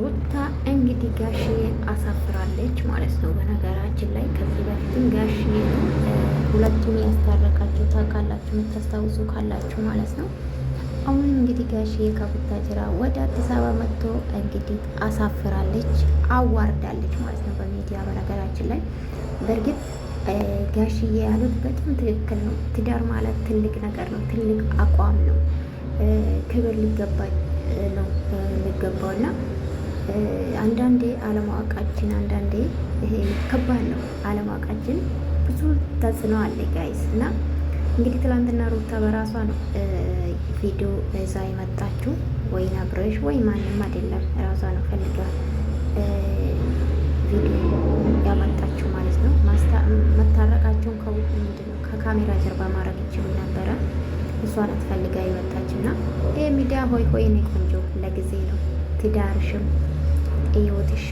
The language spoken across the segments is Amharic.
ሩታ እንግዲህ ጋሼ አሳፍራለች ማለት ነው። በነገራችን ላይ ከዚህ በፊትም ጋሼ ሁለቱም ያስታረቃቸው ታውቃላችሁ፣ የምታስታውሱ ካላችሁ ማለት ነው። አሁን እንግዲህ ጋሼ ከቡታጅራ ወደ አዲስ አበባ መጥቶ እንግዲህ አሳፍራለች፣ አዋርዳለች ማለት ነው በሚዲያ በነገራችን ላይ በእርግጥ ጋሽዬ ያሉት በጣም ትክክል ነው። ትዳር ማለት ትልቅ ነገር ነው፣ ትልቅ አቋም ነው፣ ክብር ሊገባ ነው እና። አንዳንዴ አለማወቃችን አንዳንዴ ይሄ ከባድ ነው። አለማወቃችን ብዙ ተጽዕኖ አለ ጋይስ እና እንግዲህ ትላንትና ሩታ በራሷ ነው ቪዲዮ እዛ የመጣችው ወይ አብረሽ ወይ ማንም አይደለም ራሷ ነው ፈልጋ ቪዲዮ ያመጣችው ማለት ነው። መታረቃቸውን ከካሜራ ጀርባ ማድረግ ይችሉ ነበረ። እሷን አትፈልጋ የመጣች እና ይህ ሚዲያ ሆይ ሆይ እኔ ቆንጆ ለጊዜ ነው ትዳርሽም ህይወትሽ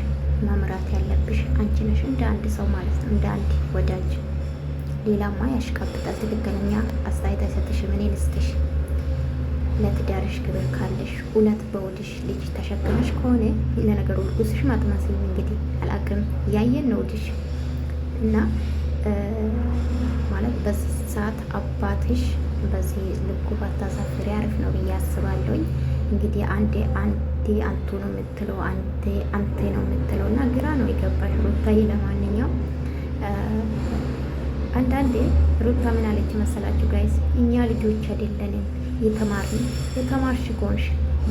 መምራት ያለብሽ አንቺ ነሽ፣ እንደ አንድ ሰው ማለት ነው፣ እንደ አንድ ወዳጅ። ሌላማ ያሽቃብጣል። ትክክለኛ አስተያየት አይሰጥሽም። እኔ ልስጥሽ፣ ለትዳርሽ ክብር ካለሽ እውነት በውድሽ ልጅ ተሸክመሽ ከሆነ ለነገሩ ልጉስሽ ማጥናት እንግዲህ አላቅም ያየን ነው ውድሽ እና ማለት በዚህ ሰዓት አባትሽ በዚህ ልኩ ባታሳፍሪ አሪፍ ነው ብዬ አስባለሁኝ። እንግዲህ አንዴ አንድ አንቴ አንቱ ነው የምትለው አንቴ አንቴ ነው የምትለው እና ግራ ነው የገባሽ ሩታዬ። ለማንኛውም አንዳንዴ ሩታ ምን አለች መሰላችሁ ጋይስ? እኛ ልጆች አይደለንም የተማርን። የተማርሽ ከሆንሽ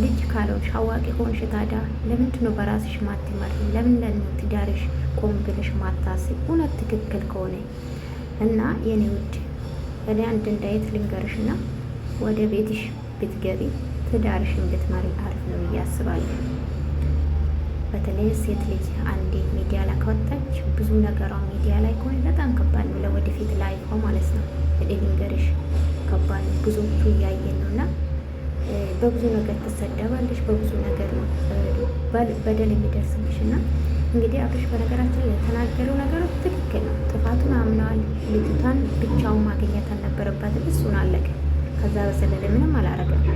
ልጅ ካልሆንሽ አዋቂ ሆንሽ ታዲያ ለምንድን ነው በራስሽ ማትመሪ? ለምን ለምን ትዳርሽ ቆም ብለሽ ማታስብ? እውነት ትክክል ከሆነ እና የኔ ውድ እኔ አንድ እንዳየት ልንገርሽ ልንገርሽና ወደ ቤትሽ ብትገቢ ትዳርሽን ብትመሪ አሪፍ ነው ብዬ አስባለሁ። በተለይ ሴት ልጅ አንዴ ሚዲያ ላይ ከወጣች ብዙ ነገሯ ሚዲያ ላይ ከሆነ በጣም ከባድ ነው ለወደፊት ላይፎ ማለት ነው። እኔ ልንገርሽ ከባድ ነው። ብዙዎቹ እያየን ነው እና በብዙ ነገር ትሰደባለሽ፣ በብዙ ነገር ነው በደል የሚደርስብሽ እና እንግዲህ አብርሽ በነገራችን ላይ የተናገረው ነገሮች ትክክል ነው። ጥፋቱን አምነዋል። ልጅቷን ብቻውን ማግኘት አልነበረባትም። እሱን አለቀ። ከዛ በሰለለ ምንም አላረገም።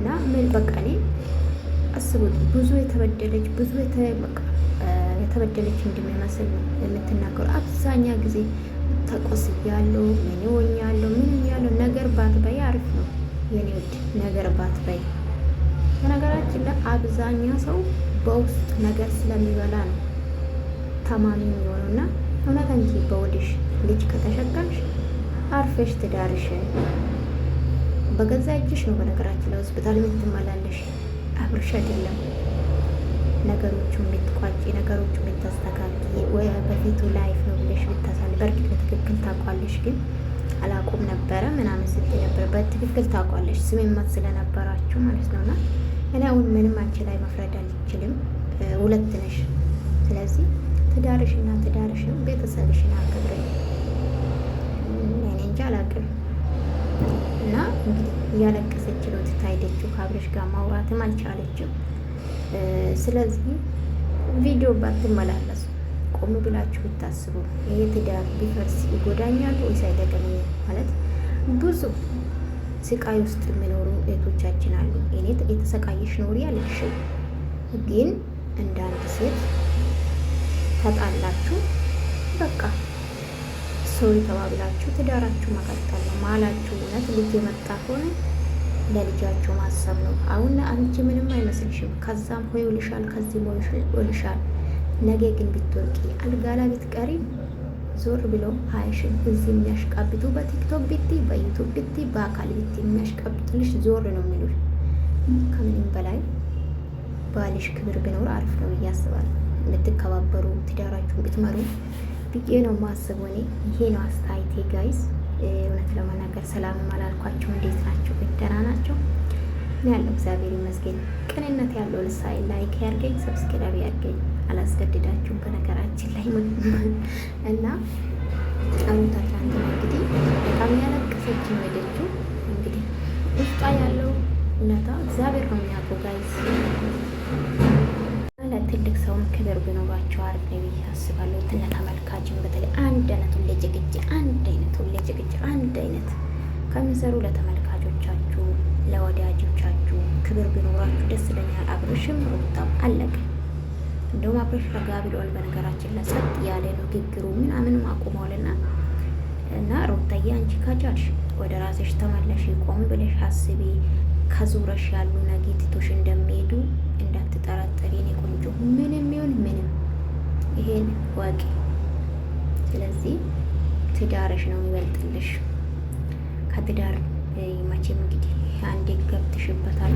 እና ምን በቃ እኔ አስቡት ብዙ የተበደለች ብዙ የተበደለች እንደሚመስል የምትናገሩ። አብዛኛ ጊዜ ተቆስ ያለው ምን ይወኛለሁ ምን ያለው ነገር ባትበይ አሪፍ ነው የኔ ውድ ነገር ባትበይ። በነገራችን ላይ አብዛኛ ሰው በውስጥ ነገር ስለሚበላ ነው ታማሚ የሚሆነው እና እውነት እንጂ በውድሽ ልጅ ከተሸከምሽ አርፈሽ ትዳርሽ በገዛ እጅሽ ነው። በነገራችን ላይ ሆስፒታል የምትመላለሽ አብርሽ አይደለም። ነገሮቹ የምትቋጪ ነገሮቹ የምታስተካኪ ወይ በፊቱ ላይፍ ነው ብለሽ ብታሳል በእርግጥ በትክክል ታውቋለሽ፣ ግን አላቁም ነበረ ምናምን ስትይ ነበር። በትክክል ታውቋለሽ ስምመት ስለነበራችሁ ማለት ነውና እኔ አሁን ምንም አንቺ ላይ መፍረድ አልችልም። ሁለት ነሽ። ስለዚህ ትዳርሽና ትዳርሽን ቤተሰብሽን አክብሪ። እኔ እንጂ አላቅም እና እንግዲህ እያለቀሰች ነው ትታይደችው ከአብረሽ ጋር ማውራትም አልቻለችም። ስለዚህ ቪዲዮ ባትመላለሱ ቆም ብላችሁ ብታስቡ ይህ ትዳር ቢፈርስ ይጎዳኛሉ ወይስ አይጠቅምም? ማለት ብዙ ስቃይ ውስጥ የሚኖሩ እህቶቻችን አሉ። እኔ የተሰቃየሽ ኖሪ አልልሽም፣ ግን እንደ አንድ ሴት ተጣላችሁ በቃ ሰው የተባብላችሁ ትዳራችሁ መቀጠል ነው ማላችሁ። እውነት ልጅ የመጣ ከሆነ ለልጃችሁ ማሰብ ነው። አሁን አንቺ ምንም አይመስልሽም። ከዛም ሆይ ውልሻል፣ ከዚህም ውልሻል። ነገ ግን ብትወርቂ አልጋላ ላይ ብትቀሪ ዞር ብሎ ሀያሽን እዚህ የሚያሽቃብጡ በቲክቶክ ብቲ፣ በዩቱብ ብቲ፣ በአካል ብቲ የሚያሽቃብጥልሽ ዞር ነው የሚሉሽ። ከምንም በላይ ባልሽ ክብር ቢኖር አሪፍ ነው ብዬ አስባለሁ። እንድትከባበሩ ትዳራችሁን ብትመሩ ብዬ ነው ማስብ። እኔ ይሄ ነው አስተያየቴ ጋይዝ። እውነት ለመናገር ሰላም አላልኳቸው። እንዴት ናቸው? ደህና ናቸው? እኔ ያለው እግዚአብሔር ይመስገን። ቅንነት ያለው ልሳይ ላይክ ያርገኝ፣ ሰብስክራይብ ያርገኝ። አላስገድዳችሁም በነገራችን ላይ እና አሁን ታትላንት እንግዲህ በጣም ያለቀሰች ነው ክብር ቢኖራቸው አሪፍ ነው ብዬ አስባለሁ። ትነ በተለይ አንድ አይነት ሁሌ ጭቅጭቅ፣ አንድ አይነት ሁሌ ጭቅጭቅ፣ አንድ አይነት ከሚሰሩ ለተመልካቾቻችሁ ለወዳጆቻችሁ ክብር ቢኖራችሁ ደስ ይለኛል። አብርሽም ሩታም አለቀ። እንደውም አብርሽ ረጋ ብሏል። በነገራችን ለሰጥ ያለ ንግግሩ ምናምንም አቁመዋልና እና ሩታዬ አንቺ ከቻልሽ ወደ ራስሽ ተመለሽ፣ ቆም ብለሽ አስቢ። ከዙረሽ ያሉ ነጌቲቶች እንደሚሄዱ እንዳትጠራጠሪ የኔ ቆንጆ፣ ምንም ይሁን ምንም ይሄን ዋቂ። ስለዚህ ትዳርሽ ነው የሚበልጥልሽ። ከትዳር መቼም እንግዲህ አንዴ ገብትሽበታል